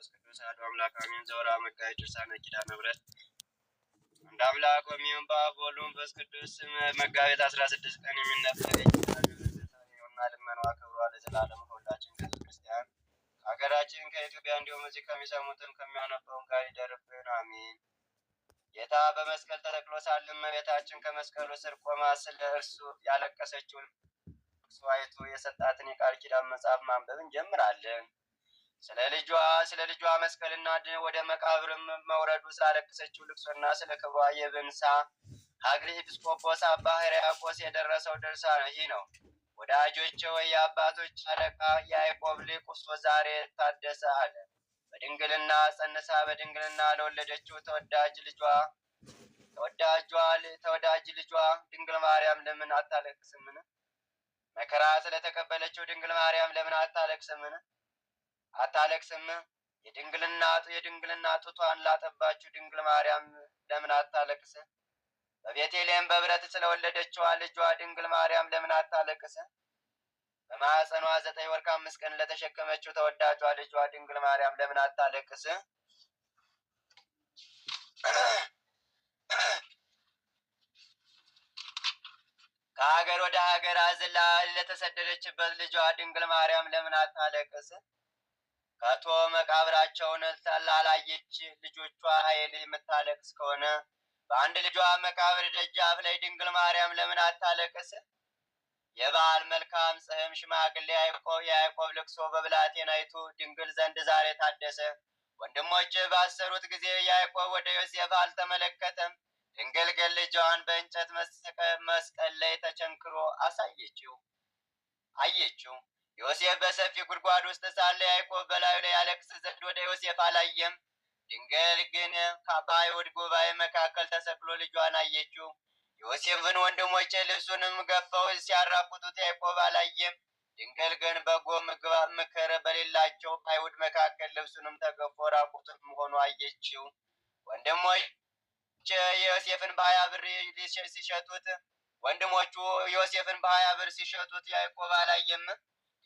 መንፈስ ቅዱስ አሐዱ አምላክ አሜን። ዘወርኀ መጋቢት ድርሳነ ኪዳነ ምሕረት። አንድ አምላክ በሚሆን በአብ ወወልድ ወመንፈስ ቅዱስ መጋቢት አስራ ስድስት ቀን የሚነበብ እና ልመናዋ ክብሯ ለዘላለም ከሁላችን ከሕዝበ ክርስቲያን ከሀገራችን ከኢትዮጵያ እንዲሁም እዚህ ከሚሰሙትን ከሚያነበውን ጋር ይደርብን፣ አሜን። ጌታ በመስቀል ተተክሎ ሳለ እመቤታችን ከመስቀሉ ስር ቆማ ስለ እርሱ ያለቀሰችውን እርሱ አይቶ የሰጣትን የቃል ኪዳን መጽሐፍ ማንበብ እንጀምራለን። ስለ ልጇ ስለ ልጇ መስቀልና ወደ መቃብርም መውረዱ ስላለቀሰችው ልቅሶና ስለ ክብሯ የብንሳ ሀገረ ኤጲስቆጶስ አባ ሕርያቆስ የደረሰው ደርሳ ነው ይህ ነው። ወዳጆች ወይ የአባቶች አለቃ ያዕቆብ ልጅ ቁሶ ዛሬ ታደሰ አለ። በድንግልና ጸንሳ በድንግልና ለወለደችው ተወዳጅ ልጇ ተወዳጅ ልጇ ድንግል ማርያም ለምን አታለቅስምን? መከራ ስለተቀበለችው ድንግል ማርያም ለምን አታለቅስምን? አታለቅስም? የድንግልና የድንግልና ጡቷን ላጠባችሁ ድንግል ማርያም ለምን አታለቅስ? በቤተልሔም በብረት ስለወለደችዋ ልጇ ድንግል ማርያም ለምን አታለቅስ? በማዕፀኗ ዘጠኝ ወር ከአምስት ቀን ለተሸከመችው ተወዳጇ ልጇ ድንግል ማርያም ለምን አታለቅስ? ከሀገር ወደ ሀገር አዝላ ለተሰደደችበት ልጇ ድንግል ማርያም ለምን አታለቅስ? ከቶ መቃብራቸውን ላላየች ልጆቿ ኃይል የምታለቅስ ከሆነ በአንድ ልጇ መቃብር ደጃፍ ላይ ድንግል ማርያም ለምን አታለቅስ? የበዓል መልካም ጽህም ሽማግሌ የያዕቆብ ልቅሶ በብላቴናይቱ ድንግል ዘንድ ዛሬ ታደሰ። ወንድሞች ባሰሩት ጊዜ ያዕቆብ ወደ ዮሴፍ አልተመለከተም። ድንግል ግን ልጇን በእንጨት መስቀል ላይ ተቸንክሮ አሳየችው አየችው። ዮሴፍ በሰፊ ጉድጓድ ውስጥ ሳለ ያዕቆብ በላዩ ላይ ያለቅስ ዘንድ ወደ ዮሴፍ አላየም። ድንገል ግን በአይሁድ ጉባኤ መካከል ተሰቅሎ ልጇን አየችው። ዮሴፍን ወንድሞች ልብሱንም ገፈው ሲያራቁቱት ያዕቆብ አላየም። ድንገል ግን በጎ ምክር በሌላቸው አይሁድ መካከል ልብሱንም ተገፎ ራቁቱን ሆኖ አየችው። ወንድሞች ዮሴፍን በሀያ ብር ሲሸጡት ወንድሞቹ ዮሴፍን በሀያ ብር ሲሸጡት ያዕቆብ አላየም።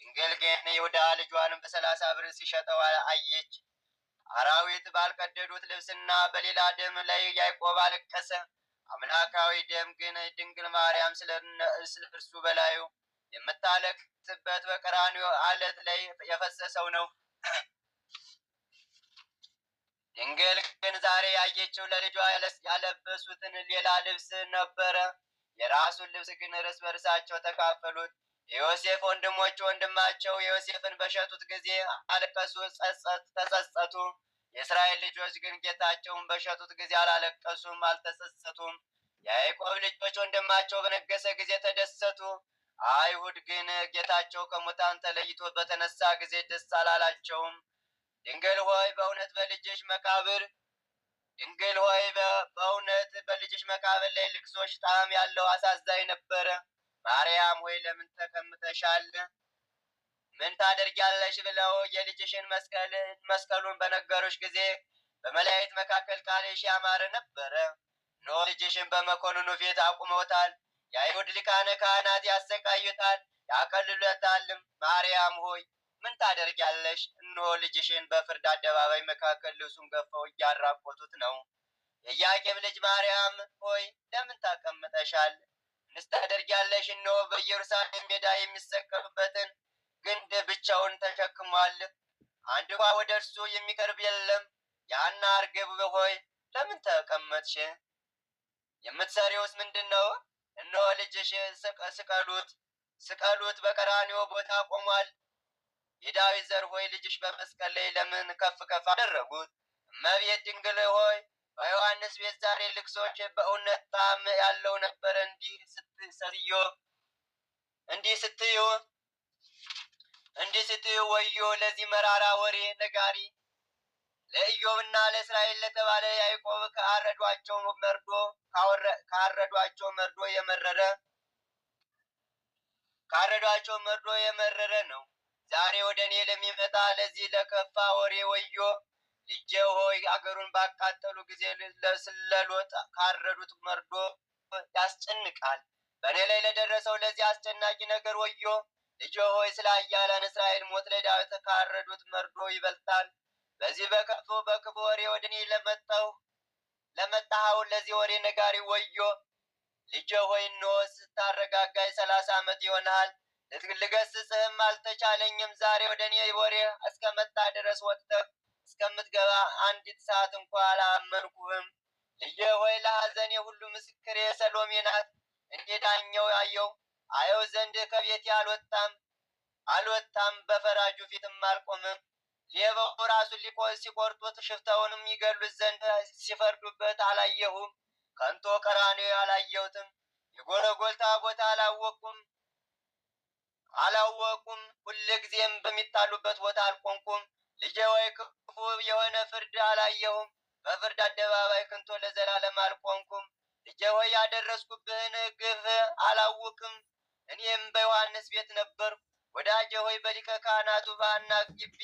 ድንግል ግን ይሁዳ ልጇንም በሰላሳ ብር ሲሸጠው አየች። አራዊት ባልቀደዱት ልብስና በሌላ ደም ላይ ያዕቆብ አለቀሰ። አምላካዊ ደም ግን ድንግል ማርያም ስለ እርሱ በላዩ የምታለቅስበት በቀራንዮ አለት ላይ የፈሰሰው ነው። ድንግል ግን ዛሬ ያየችው ለልጇ ያለበሱትን ሌላ ልብስ ነበረ። የራሱን ልብስ ግን እርስ በርሳቸው ተካፈሉት። የዮሴፍ ወንድሞች ወንድማቸው ዮሴፍን በሸጡት ጊዜ አለቀሱ፣ ተጸጸቱ። የእስራኤል ልጆች ግን ጌታቸውን በሸጡት ጊዜ አላለቀሱም፣ አልተጸጸቱም። የያዕቆብ ልጆች ወንድማቸው በነገሰ ጊዜ ተደሰቱ። አይሁድ ግን ጌታቸው ከሙታን ተለይቶ በተነሳ ጊዜ ደስ አላላቸውም። ድንግል ሆይ በእውነት በልጅሽ መቃብር ድንግል ሆይ በእውነት በልጅሽ መቃብር ላይ ልቅሶሽ ጣዕም ያለው አሳዛኝ ነበረ። ማርያም ወይ ለምን ተቀምጠሻል? ምን ታደርጊያለሽ? ብለው የልጅሽን መስቀሉን በነገሮች ጊዜ በመላእክት መካከል ቃልሽ ያማረ ነበረ። ኖ ልጅሽን በመኮንኑ ፊት አቁመውታል። የአይሁድ ሊቃነ ካህናት ያሰቃዩታል፣ ያቀልሉታልም። ማርያም ሆይ ምን ታደርጊያለሽ? እንሆ ልጅሽን በፍርድ አደባባይ መካከል ልብሱን ገፈው እያራቆቱት ነው። የኢያቄም ልጅ ማርያም ሆይ ለምን ታቀምጠሻል? ልታደርጊያለሽ? እነሆ በኢየሩሳሌም ሜዳ የሚሰቀሉበትን ግንድ ብቻውን ተሸክሟል። አንድ እንኳ ወደ እርሱ የሚቀርብ የለም። ያና አርግብ ሆይ ለምን ተቀመጥሽ? የምትሰሪውስ ምንድን ነው? እነሆ ልጅሽ ስቀሉት ስቀሉት፣ በቀራኒዮ ቦታ ቆሟል። የዳዊት ዘር ሆይ ልጅሽ በመስቀል ላይ ለምን ከፍ ከፍ አደረጉት? እመቤት ድንግል ሆይ በዮሐንስ ቤት ዛሬ ልቅሶች በእውነት ጣዕም ያለው ነበረ። እንዲህ ስትሰትዮ እንዲህ ስትዩ እንዲህ ስትዩ ወዮ ለዚህ መራራ ወሬ ነጋሪ ለኢዮብና ለእስራኤል ለተባለ ያዕቆብ ካረዷቸው መርዶ ካረዷቸው መርዶ የመረረ ካረዷቸው መርዶ የመረረ ነው። ዛሬ ወደ እኔ ለሚመጣ ለዚህ ለከፋ ወሬ ወዮ ልጄ ሆይ አገሩን ባቃጠሉ ጊዜ ለስለሎጥ ካረዱት መርዶ ያስጨንቃል። በእኔ ላይ ለደረሰው ለዚህ አስጨናቂ ነገር ወዮ። ልጄ ሆይ ስለ እስራኤል ሞት ለዳዊት ካረዱት መርዶ ይበልጣል። በዚህ በከፉ በክፉ ወሬ ወደ እኔ ለመጣው ለመጣኸው ለዚህ ወሬ ነጋሪ ወዮ። ልጄ ሆይ እንሆ ስታረጋጋይ ሰላሳ ዓመት ይሆናል። ልገስጽህም አልተቻለኝም። ዛሬ ወደ እኔ ወሬ እስከመጣ ድረስ ወጥተህ እስከምትገባ አንዲት ሰዓት እንኳ አላመንኩህም። ልጄ ሆይ ለሐዘኔ ሁሉ ምስክሬ ሰሎሜ ናት። እንደ ዳኘው አየው አየው ዘንድ ከቤቴ አልወጣም አልወጣም በፈራጁ ፊትም አልቆምም። ሌባው ራሱን ሲቆርጡት ሽፍታውንም ይገሉት ዘንድ ሲፈርዱበት አላየሁም። ከንቶ ቀራኔ አላየሁትም። የጎለጎልታ ቦታ አላወቁም አላወቁም ጊዜም በሚጣሉበት ቦታ አልቆንቁም! ልጄ ወይ ክፉ የሆነ ፍርድ አላየሁም። በፍርድ አደባባይ ክንቶ ለዘላለም አልቆምኩም። ልጄ ሆይ ያደረስኩብህን ግፍ አላውቅም። እኔም በዮሐንስ ቤት ነበር ወዳጄ ሆይ በሊቀ ካህናቱ ባና ግቢ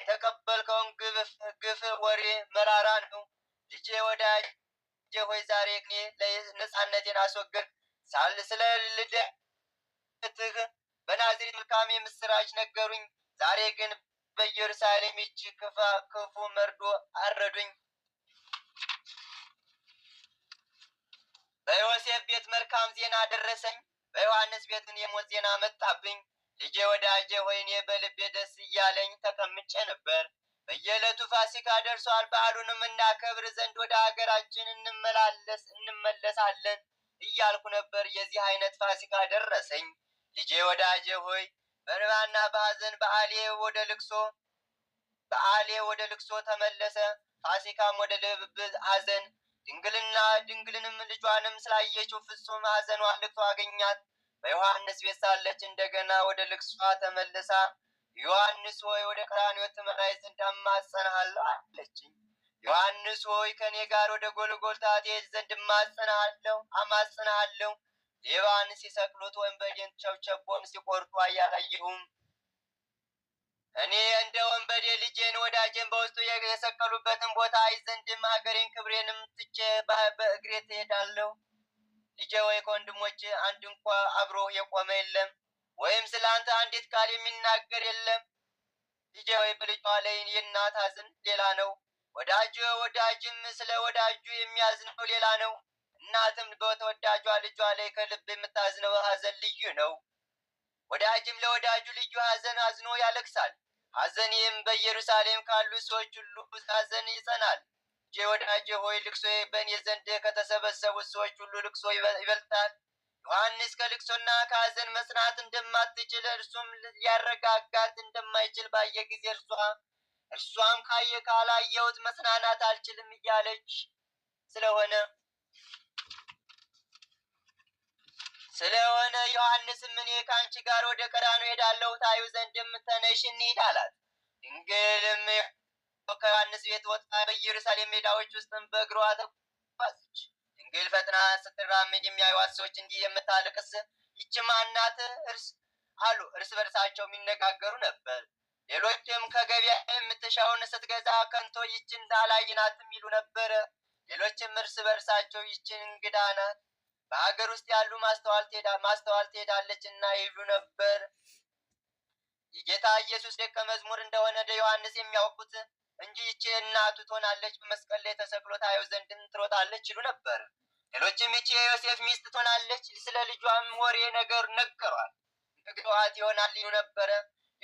የተቀበልከውን ግፍ ወሬ መራራ ነው። ልጄ ወዳጄ ሆይ ዛሬ እኔ አስወግድ ሳል ስለ ልደትህ በናዝሬት መልካም የምስራች ነገሩኝ። ዛሬ ግን በኢየሩሳሌም ክፋ ክፉ መርዶ አረዱኝ። በዮሴፍ ቤት መልካም ዜና ደረሰኝ፣ በዮሐንስ ቤትን የሞት ዜና መጣብኝ። ልጄ ወዳጄ ሆይ እኔ በልቤ ደስ እያለኝ ተቀምጬ ነበር። በየዕለቱ ፋሲካ ደርሷል። በዓሉንም እናከብር ዘንድ ወደ ሀገራችን እንመላለስ እንመለሳለን እያልኩ ነበር። የዚህ አይነት ፋሲካ ደረሰኝ። ልጄ ወዳጄ ሆይ በእንባና በሐዘን በአሌ ወደ ልቅሶ በአሌ ወደ ልቅሶ ተመለሰ። ፋሲካም ወደ ልብ ሐዘን ድንግልና ድንግልንም ልጇንም ስላየችው ፍጹም ሐዘኗ ልቅሶ አገኛት። በዮሐንስ ቤት ሳለች እንደገና ወደ ልቅሷ ተመልሳ ዮሐንስ ሆይ ወደ ቀራንዮ ትመራይ ዘንድ እማጸንሃለሁ አለችኝ። ዮሐንስ ሆይ ከእኔ ጋር ወደ ጎልጎልታ ትሄድ ዘንድ እማጸንሃለሁ አማጸንሃለሁ ሌባን ሲሰቅሉት ወንበዴን ቸብቸቦም ሲቆርጡ አያላየሁም። እኔ እንደ ወንበዴ ልጄን ወዳጄን በውስጡ የሰቀሉበትን ቦታ አይ ዘንድም ሀገሬን ክብሬንም ትቼ በእግሬ ትሄዳለሁ። ልጄ ወይ ከወንድሞች አንድ እንኳ አብሮ የቆመ የለም፣ ወይም ስለ አንተ አንዲት ቃል የሚናገር የለም። ልጄ ወይ ብልጫ ላይ የእናት ሐዘን ሌላ ነው። ወዳጅ ወዳጅም ስለ ወዳጁ የሚያዝነው ሌላ ነው። እናትም በተወዳጇ ልጇ ላይ ከልብ የምታዝነው ሐዘን ልዩ ነው። ወዳጅም ለወዳጁ ልዩ ሐዘን አዝኖ ያለቅሳል። ሐዘኔም በኢየሩሳሌም ካሉ ሰዎች ሁሉ ሐዘን ይጸናል። ወዳጄ ሆይ ልቅሶ በእኔ ዘንድ ከተሰበሰቡት ሰዎች ሁሉ ልቅሶ ይበልጣል። ዮሐንስ ከልቅሶና ከሐዘን መጽናት እንደማትችል እርሱም ሊያረጋጋት እንደማይችል ባየ ጊዜ እርሷ እርሷም ካየ ካላየሁት መጽናናት አልችልም እያለች ስለሆነ ስለሆነ ዮሐንስም እኔ ከአንቺ ጋር ወደ ቀራንዮ እሄዳለሁ ታዩ ዘንድም ተነሽ እንሂድ አላት። ድንግልም ከዮሐንስ ቤት ወጣ፣ በኢየሩሳሌም ሜዳዎች ውስጥም በእግሯ ተጓዘች። ድንግል ፈጥና ስትራመድ የሚያዩዋት ሰዎች እንዲህ የምታልቅስ ይህች ማን እርስ አሉ እርስ በርሳቸው የሚነጋገሩ ነበር። ሌሎችም ከገበያ የምትሻውን ስትገዛ ከንቶ ይችን አላይናት የሚሉ ነበረ። ሌሎችም እርስ በርሳቸው ይችን እንግዳ ናት በሀገር ውስጥ ያሉ ማስተዋል ማስተዋል ትሄዳለች እና ይሉ ነበር። የጌታ ኢየሱስ ደቀ መዝሙር እንደሆነ ደ ዮሐንስ የሚያውቁት እንጂ ይቺ እናቱ ትሆናለች፣ በመስቀል ላይ ተሰቅሎ ታየው ዘንድ ትሮጣለች ይሉ ነበር። ሌሎችም ይቺ የዮሴፍ ሚስት ትሆናለች፣ ስለ ልጇም ወሬ ነገር ነገሯል ነግረዋት ይሆናል ይሉ ነበረ።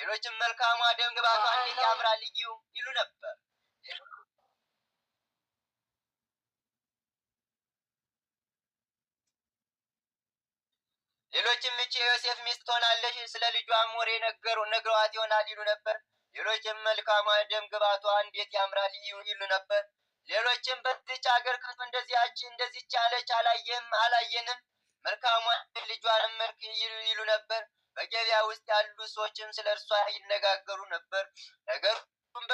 ሌሎችም መልካሟ ደምግባቷ እንዴት ያምራል ይሉ ነበር። ሌሎችም እጭ የዮሴፍ ሚስት ትሆናለች፣ ስለ ልጇም ወሬ ነገሩ ነግረዋት ይሆናል ይሉ ነበር። ሌሎችም መልካሟ ደም ግባቷ እንዴት ያምራል ይሉ ነበር። ሌሎችም በዚች አገር ክፍ እንደዚያች እንደዚች ያለች አላየም አላየንም መልካሟ ልጇንም መልክ ይሉ ነበር። በገበያ ውስጥ ያሉ ሰዎችም ስለ እርሷ ይነጋገሩ ነበር። ነገሩም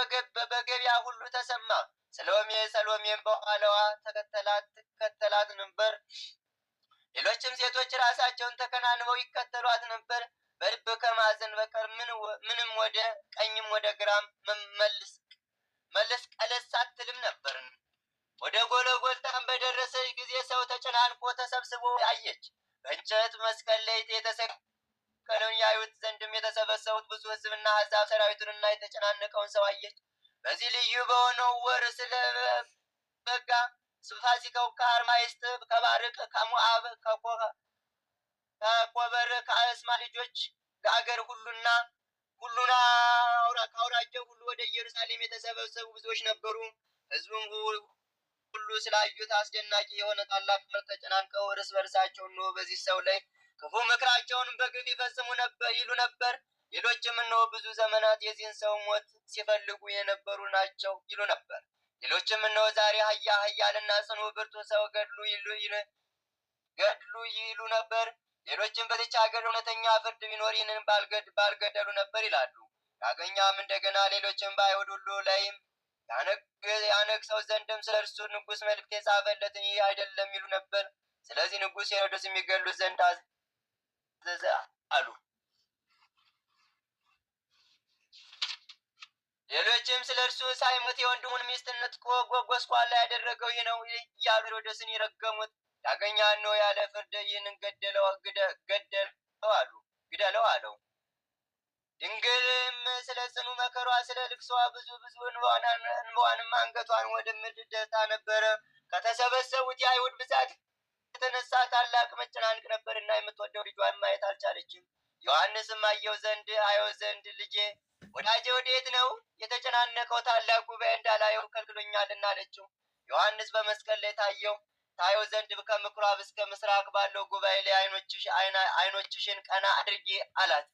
በገቢያ ሁሉ ተሰማ። ሰሎሜ ሰሎሜም በኋላዋ ተከተላት ትከተላት ነበር። ሌሎችም ሴቶች ራሳቸውን ተከናንበው ይከተሏት ነበር። በልብ ከማዘን በቀር ምንም ወደ ቀኝም ወደ ግራም መለስ ቀለስ አትልም ነበርን። ወደ ጎለጎልታም በደረሰች ጊዜ ሰው ተጨናንቆ ተሰብስቦ አየች። በእንጨት መስቀል ላይ የተሰቀለውን ያዩት ዘንድም የተሰበሰቡት ብዙ ሕዝብና አሕዛብ ሰራዊቱንና የተጨናነቀውን ሰው አየች። በዚህ ልዩ በሆነው ወር ስለበጋ ስብሃሲከው ከአርማይስጥ ከባርቅ ከሞአብ ከኮበር ከአስማ ልጆች ከአገር ሁሉና ሁሉና ከአውራቸው ሁሉ ወደ ኢየሩሳሌም የተሰበሰቡ ብዙዎች ነበሩ። ህዝቡም ሁሉ ስላዩት አስደናቂ የሆነ ታላቅ ምርት ተጨናንቀው እርስ በርሳቸው እንሆ በዚህ ሰው ላይ ክፉ ምክራቸውን በግፍ ይፈጽሙ ነበር ይሉ ነበር። ሌሎችም እንሆ ብዙ ዘመናት የዚህን ሰው ሞት ሲፈልጉ የነበሩ ናቸው ይሉ ነበር። ሌሎችም እነሆ ዛሬ ሀያ ሀያልና ጽኑ ብርቱ ሰው ገድሉ ገድሉ ይሉ ነበር። ሌሎችም በዚች ሀገር እውነተኛ ፍርድ ቢኖር ይህንን ባልገደሉ ነበር ይላሉ። ዳግመኛም እንደገና ሌሎችም በአይሁድ ሁሉ ላይም ያነግሰው ዘንድም ስለ እርሱ ንጉሥ መልእክት የጻፈለትን ይህ አይደለም ይሉ ነበር። ስለዚህ ንጉሥ ሄሮድስ የሚገሉት ዘንድ አዘዘ አሉ። ሌሎችም ስለ እርሱ ሳይሞት የወንድሙን ሚስት ንጥቆ ጎስቋላ ያደረገው ይህ ነው እያሉ ሄሮድስን የረገሙት ዳግመኛ እነሆ ያለ ፍርድ ይህንን ገደለው አሉ ግደለው አለው። ድንግልም ስለ ጽኑ መከሯ ስለ ልቅሷ ብዙ ብዙ እንባዋንም አንገቷን ወደ ምድር ደታ ነበረ። ከተሰበሰቡት የአይሁድ ብዛት የተነሳ ታላቅ መጨናንቅ ነበርና የምትወደው ልጇን ማየት አልቻለችም። ዮሐንስም አየው ዘንድ አየው ዘንድ ልጄ ወዳጄ ወዴት ነው የተጨናነቀው ታላቅ ጉባኤ እንዳላየው ከልክሎኛልና አለችው። ዮሐንስ በመስቀል ላይ ታየው ታየው ዘንድ ከምኩራብ እስከ ምስራቅ ባለው ጉባኤ ላይ አይኖችሽን ቀና አድርጊ አላት።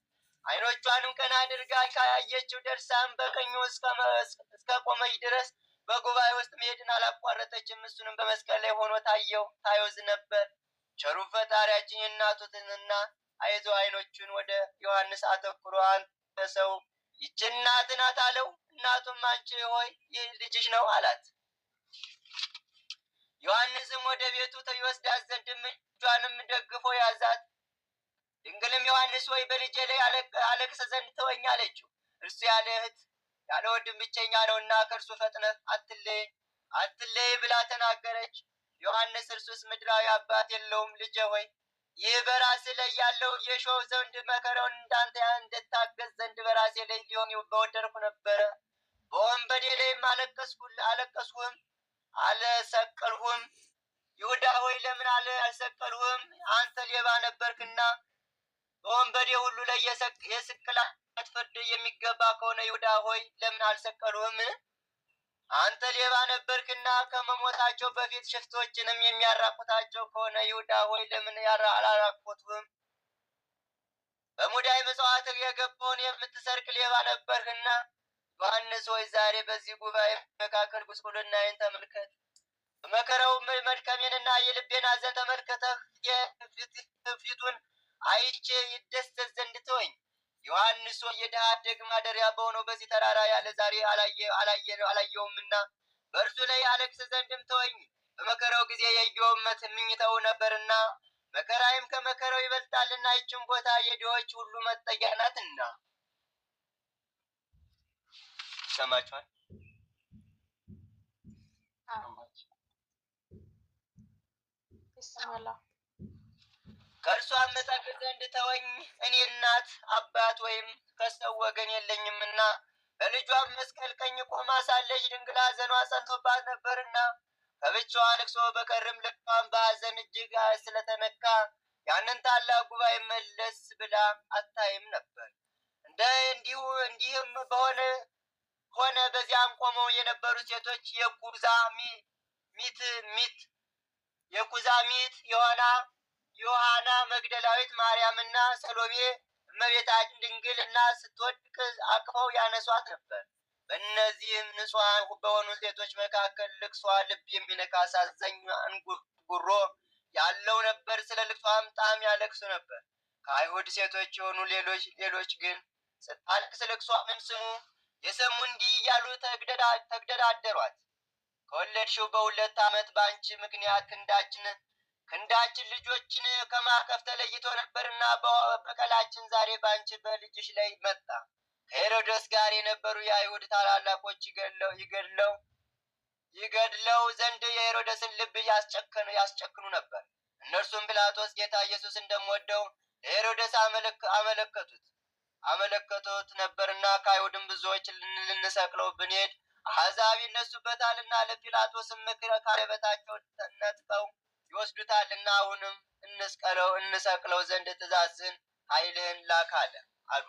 አይኖቿንም ቀና አድርጋ ካያየችው ደርሳም በቀኙ እስከ ቆመች ድረስ በጉባኤ ውስጥ መሄድን አላቋረጠችም። እሱንም በመስቀል ላይ ሆኖ ታየው ታየውዝ ነበር። ቸሩ ፈጣሪያችን የእናቱትንና አይዞ አይኖቹን ወደ ዮሐንስ አተኩሮ አንተ ሰው ይች እናት ናት አለው። እናቱም አንቺ ሆይ ይህ ልጅሽ ነው አላት። ዮሐንስም ወደ ቤቱ ይወስዳት ዘንድ እጇንም ደግፎ ያዛት። ድንግልም ዮሐንስ ወይ በልጄ ላይ አለቅሰ ዘንድ ተወኝ አለችው። እርሱ ያለ እህት ያለ ወንድም ብቸኛ ነው እና ከእርሱ ፈጥነህ አትለይ አትለይ ብላ ተናገረች። ዮሐንስ እርሱስ ምድራዊ አባት የለውም። ልጄ ሆይ ይህ በራሴ ላይ ያለው የሾው ዘንድ መከራውን እንዳንተ እንድታገዝ ዘንድ በራሴ ላይ ሊሆን በወደድኩ ነበረ። በወንበዴ ላይም አለቀስሁም፣ አልሰቀልሁም። ይሁዳ ሆይ ለምን አለ አልሰቀልሁም? አንተ ሌባ ነበርክና። በወንበዴ ሁሉ ላይ የስቅላት ፍርድ የሚገባ ከሆነ ይሁዳ ሆይ ለምን አልሰቀልሁም? አንተ ሌባ ነበርክና ከመሞታቸው በፊት ሽፍቶችንም የሚያራቁታቸው ከሆነ ይሁዳ ሆይ ለምን አላራቁትም? በሙዳይ መጽዋዕት የገባውን የምትሰርቅ ሌባ ነበርህና ዮሐንስ ሆይ ዛሬ በዚህ ጉባኤ መካከል ጉስቁልናዬን ተመልከት። በመከረው መድከሜንና የልቤን አዘን ተመልከተህ የፊቱን አይቼ ይደሰት ዘንድ ተወኝ። ዮሐንስ ሆይ የድሃ አደግ ማደሪያ በሆነው በዚህ ተራራ ያለ ዛሬ አላየውምና በእርሱ ላይ አለቅስ ዘንድም ተወኝ። በመከራው ጊዜ የኢዮብ ምኞታው ነበርና መከራይም ከመከራው ይበልጣልና ይችን ቦታ የድሆች ሁሉ መጠጊያ ናትና። ይሰማችኋል? ይሰማላ ከእርሷ አመጣብህ ዘንድ ተወኝ። እኔ እናት አባት ወይም ከሰው ወገን የለኝምና በልጇም መስቀል ቀኝ ቆማ ሳለች ድንግል ሐዘኗ ጸንቶባት ነበርና ከብቻዋ ልቅሶ በቀርም ልቧም በሐዘን እጅግ ስለተነካ ያንን ታላቅ ጉባኤ መለስ ብላ አታይም ነበር። እንደ እንዲሁ እንዲህም በሆነ ሆነ። በዚያም ቆመው የነበሩ ሴቶች የኩዛ ሚት ሚት የኩዛ ሚት የሆና ዮሐና መግደላዊት ማርያምና ሰሎሜ እመቤታችን ድንግል እና ስትወድቅ አቅፈው ያነሷት ነበር። በእነዚህም ንጹሐን በሆኑ ሴቶች መካከል ልቅሷ ልብ የሚነካ አሳዛኝ እንጉርጉሮ ያለው ነበር። ስለ ልቅሷም ጣም ያለቅሱ ነበር። ከአይሁድ ሴቶች የሆኑ ሌሎች ሌሎች ግን ስታልቅስ ልቅሷንም ስሙ የሰሙ እንዲህ እያሉ ተግደዳደሯት። ከወለድሽው በሁለት ዓመት በአንቺ ምክንያት ክንዳችን ክንዳችን ልጆችን ከማከፍ ተለይቶ ነበርና በቀላችን ዛሬ በአንቺ በልጅሽ ላይ መጣ። ከሄሮደስ ጋር የነበሩ የአይሁድ ታላላቆች ይገድለው ይገድለው ዘንድ የሄሮደስን ልብ ያስጨክኑ ነበር። እነርሱም ጲላጦስ ጌታ ኢየሱስ እንደምወደው ለሄሮደስ አመለከቱት አመለከቱት ነበርና ከአይሁድም ብዙዎች ልንሰቅለው ብንሄድ አሕዛብ ይነሱበታልና ለጲላጦስም ምክረ ካለበታቸው ነጥቀው ይወስዱታልና አሁንም እንስቀለው እንሰቅለው ዘንድ ትእዛዝን ኃይልህን ላክ አለ አሉ።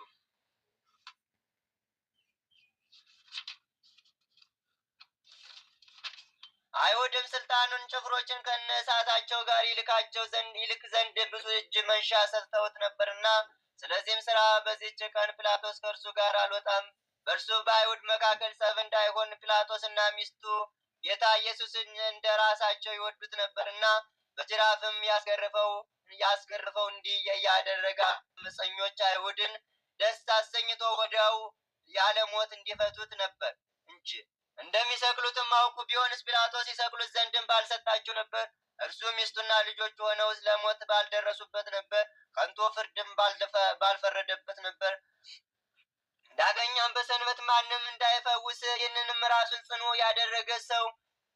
አይሁድም ስልጣኑን ጭፍሮችን ከነሳታቸው ጋር ይልካቸው ዘንድ ይልክ ዘንድ ብዙ እጅ መንሻ ሰጥተውት ነበርና፣ ስለዚህም ስራ በዚች ቀን ጲላጦስ ከእርሱ ጋር አልወጣም፣ በእርሱ በአይሁድ መካከል ጸብ እንዳይሆን ጲላጦስና ሚስቱ ጌታ ኢየሱስን እንደ ራሳቸው ይወዱት ነበርና በጅራፍም ያስገርፈው ያስገርፈው እንዲህ እያደረገ አመፀኞች አይሁድን ደስ አሰኝቶ ወዲያው ያለ ሞት እንዲፈቱት ነበር እንጂ እንደሚሰቅሉትም አውቁ። ቢሆንስ ጲላጦስ ይሰቅሉት ዘንድም ባልሰጣቸው ነበር። እርሱ ሚስቱና ልጆቹ ሆነው ለሞት ባልደረሱበት ነበር። ከንቱ ፍርድም ባልፈረደበት ነበር። ዳገኛም በሰንበት ማንም እንዳይፈውስ ይህንንም ራሱን ጽኑ ያደረገ ሰው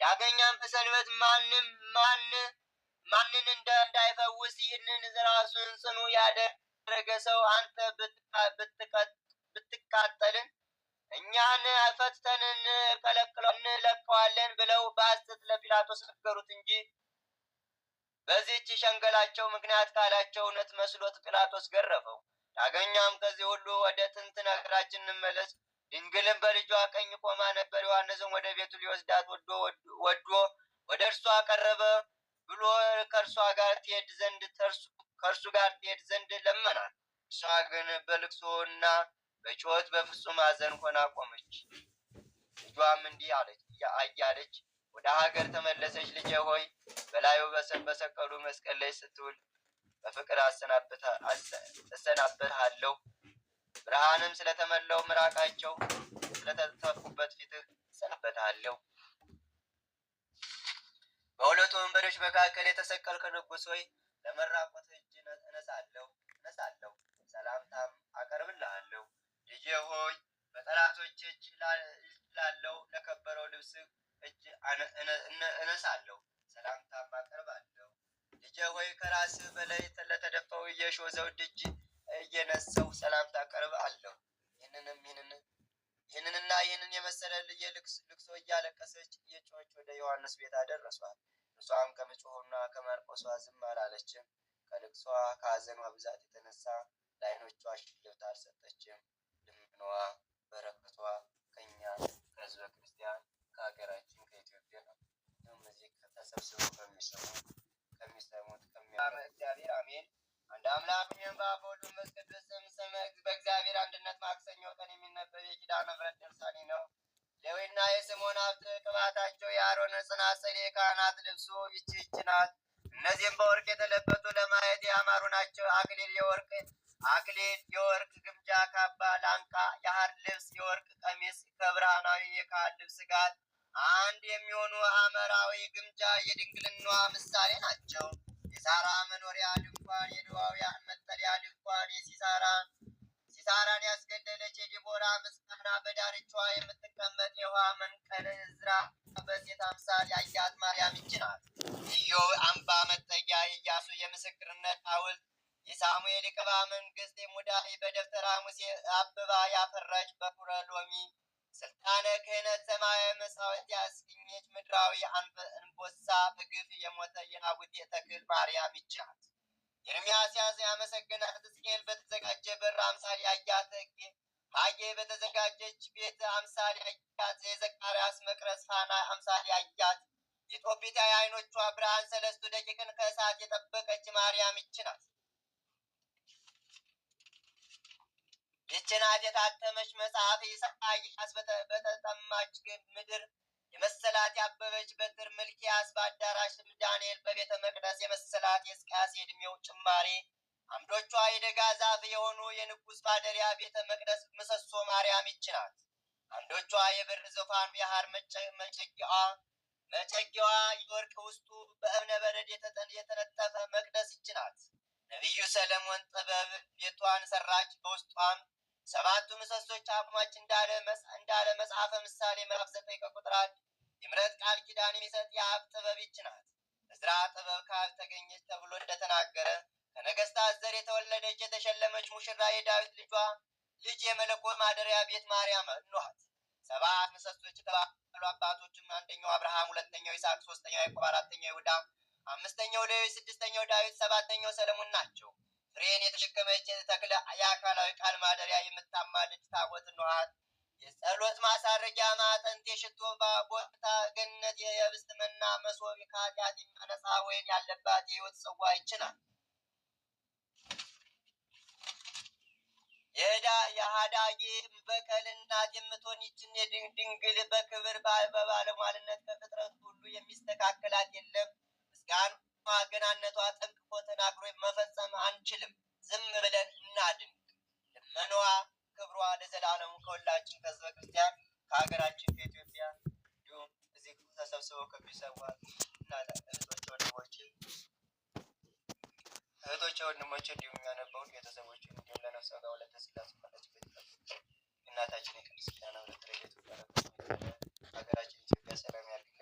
ዳገኛም በሰንበት ማንም ማን ማንን እንዳይፈውስ ይህንን ራሱን ጽኑ ያደረገ ሰው አንተ ብትቃጠልን እኛን ፈትተን እንለቀዋለን ብለው በአስተት ለጲላጦስ ነገሩት እንጂ በዚህች ሸንገላቸው ምክንያት ካላቸው እውነት መስሎት ጲላጦስ ገረፈው። ዳገኛም ከዚህ ሁሉ ወደ ጥንት ነገራችን እንመለስ። ድንግልን በልጇ ቀኝ ቆማ ነበር። ዮሐንስም ወደ ቤቱ ሊወስዳት ወዶ ወደ እርሷ ቀረበ። ብሎ ከእርሷ ጋር ትሄድ ዘንድ ከእርሱ ጋር ትሄድ ዘንድ ለመናት። እሷ ግን በልቅሶና በጩኸት በፍጹም አዘን ሆና ቆመች። ልጇም እንዲህ አለች እያለች ወደ ሀገር ተመለሰች። ልጄ ሆይ በላዩ በሰቀሉ መስቀል ላይ ስትውል በፍቅር እሰናበትሃለሁ። ብርሃንም ስለተመላው ምራቃቸው ስለተተፉበት ፊትህ እሰናበትሃለሁ። በሁለቱ ወንበሮች መካከል የተሰቀልከ ንጉሥ ሆይ ለመራቆት እጅ እነሳለሁ እነሳለሁ ሰላምታም አቀርብልሃለሁ። ልጄ ሆይ በጠላቶች እጅ ላለው ለከበረው ልብስ እጅ እነሳለሁ ሰላምታም አቀርባለሁ። ልጄ ሆይ ከራስ በላይ ለተደፋው የሾህ ዘውድ እጅ እየነሰው ሰላምታ አቀርብ አለሁ። ይህንንም ይህንንም ይህንንና ይህንን የመሰለ ልየ ልቅሶ እያለቀሰች እየጮች ወደ ዮሐንስ ቤት አደረሷል። እሷም ከመጮሆና ከመርቆሷ ዝም አላለችም። ከልቅሷ ከሐዘኗ ብዛት የተነሳ ለአይኖቿ ሽልብት አልሰጠችም። ልምኗ በረከቷ ከኛ ከህዝበ ክርስቲያን ከሀገራችን ከኢትዮጵያ ነው። ይህም እዚህ ተሰብስበው ከሚሰሙት ከሚሰሙት ከሚያ እግዚአብሔር አሜን አንድ አምላክ በአብ ወልድ በመንፈስ ስም በእግዚአብሔር አንድነት ማክሰኞ ቀን የሚነበብ የኪዳነ ምሕረት ድርሳኔ ነው። ሌዊና የስምዖን ሀብት ቅባታቸው፣ የአሮን ጽናጽል፣ የካህናት ልብሱ ይቺ ይቺ ናት። እነዚህም በወርቅ የተለበጡ ለማየት ያማሩ ናቸው። አክሊል የወርቅ አክሊል የወርቅ ግምጃ፣ ካባ፣ ላንቃ፣ የሐር ልብስ፣ የወርቅ ቀሚስ ከብርሃናዊ የካህን ልብስ ጋር አንድ የሚሆኑ ሐመራዊ ግምጃ የድንግልናዋ ምሳሌ ናቸው። የሳራ መኖሪያ ድንኳን፣ የድዋውያን መጠለያ ድንኳን፣ የሲሳራ ሲሳራን ያስገደለች የዲቦራ ምስጋና፣ በዳርቻዋ የምትቀመጥ የውሃ መንቀል እዝራ በሴት አምሳል ያያት ማርያም እጅ ናት። ኢዮብ አምባ መጠጊያ፣ የኢያሱ የምስክርነት ሐውልት የሳሙኤል ቅባ መንግስት፣ የሙዳይ በደብተራ ሙሴ አብባ ያፈራች በኩረ ሎሚ ስልጣነ ክህነት ሰማያዊ መሳወት ያስገኘች ምድራዊ እንቦሳ በግፍ የሞተ የናቡቴ ተክል ማርያም ይቻት ኤርምያስ ያዘ ያመሰገናት ሕዝቅኤል በተዘጋጀ በር አምሳል ያያት ሀጌ በተዘጋጀች ቤት አምሳል ያያት የዘካርያስ መቅረስ ፋና አምሳል ያያት የጦቢታ የአይኖቿ ብርሃን ሰለስቱ ደቂቅን ከእሳት የጠበቀች ማርያም ይችናት። ይችናት የታተመች መጽሐፍ ኢሳያስ በተጠማች ምድር የመሰላት ያበበች በትር ምልኪያስ በአዳራሽም ዳንኤል በቤተ መቅደስ የመሰላት የስቃያስ የእድሜው ጭማሪ አምዶቿ የደጋ ዛፍ የሆኑ የንጉሥ ማደሪያ ቤተ መቅደስ ምሰሶ ማርያም ይችናት። አምዶቿ የብር ዙፋን የሐር መጨጊዋ መጨጊዋ የወርቅ ውስጡ በእብነ በረድ የተነጠፈ መቅደስ ይችናት። ነቢዩ ሰለሞን ጥበብ ቤቷን ሰራች፣ በውስጧም ሰባቱ ምሰሶች አቁማች እንዳለ መጽሐፈ ምሳሌ ምዕራፍ ዘጠኝ ከቁጥር አንድ የምሕረት ቃል ኪዳን የሚሰጥ የአብ ጥበብ ይች ናት። እዝራ ጥበብ ተገኘች ተብሎ እንደተናገረ ከነገስታት ዘር የተወለደች የተሸለመች ሙሽራ የዳዊት ልጇ ልጅ የመለኮት ማደሪያ ቤት ማርያም አሏት። ሰባት ምሰሶች የተባሉ አባቶችም አንደኛው አብርሃም፣ ሁለተኛው ይስሐቅ፣ ሶስተኛው ያዕቆብ፣ አራተኛው ይሁዳ፣ አምስተኛው ሌዊ፣ ስድስተኛው ዳዊት፣ ሰባተኛው ሰለሞን ናቸው። ፍሬን የተሸከመች ተክለ የአካላዊ ቃል ማደሪያ የምታማልድ ታቦት ነዋት። የጸሎት ማሳረጊያ ማጠንት፣ የሽቶ ባቦታ ገነት የህብስት መና መሶብ ከኃጢአት የሚያነጻ ወይን ያለባት የህይወት ጽዋ ይችላል። የዳ የሀዳጊ በቀል እናት የምትሆን ይችን ድንግል በክብር በባለሟልነት ከፍጥረት ሁሉ የሚስተካከላት የለም ምስጋና ገናነቷ ጠንቅቆ ተናግሮ መፈጸም አንችልም። ዝም ብለን እናድንቅ። ልመኗ ክብሯ ለዘላለሙ ከሁላችን ከህዝበ ክርስቲያን ከሀገራችን ከኢትዮጵያ እንዲሁም እዚህ ተሰብስበው ከሚሰዋል እና እህቶች ወንድሞች እህቶች ወንድሞች እንዲሁም የሚያነበውን ቤተሰቦች እንዲሁም ለነፍሰ ጋር ሁለት ስላስ ማለት እናታችን የቅድስት ኪዳነ ምሕረት ሀገራችን ኢትዮጵያ ሰላም ያድርግልን።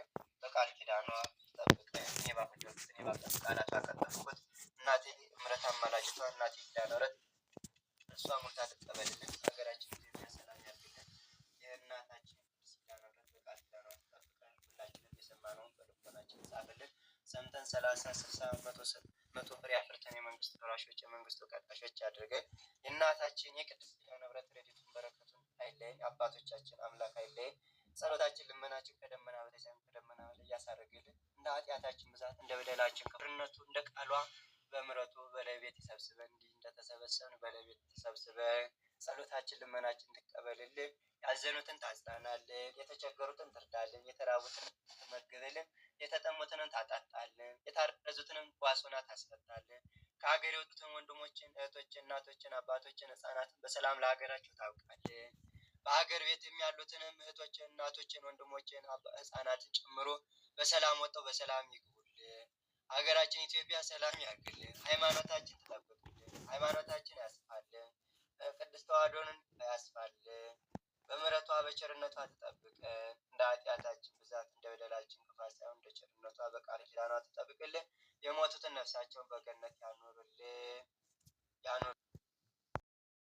ታጽናናልን፣ የተቸገሩትን ትርዳልን፣ የተራቡትን ትመግብልን፣ የተጠሙትንም ታጣጣለን፣ የታረዙትንም ዋሶና ታስፈታልን። ከሀገር የወጡትን ወንድሞችን፣ እህቶችን፣ እናቶችን፣ አባቶችን፣ ህጻናትን በሰላም ለሀገራቸው ታውቃለን። በሀገር ቤትም ያሉትንም እህቶችን፣ እናቶችን፣ ወንድሞችን፣ ህጻናትን ጨምሮ በሰላም ወጥተው በሰላም ይግቡልን። ሀገራችን ኢትዮጵያ ሰላም ያግልን። ሃይማኖታችን ትጠብቅልን። ሃይማኖታችን ያስፋልን። ቅድስት ተዋሕዶንን ያስፋልን። በምሕረቷ በቸርነቷ ትጠብቀን። እንደ ኃጢአታችን ብዛት እንደ በደላችን ክፋት ሳይሆን እንደ ቸርነቷ በቃል ኪዳኗ ትጠብቅልን። የሞቱትን ነፍሳቸውን በገነት ያኑርልን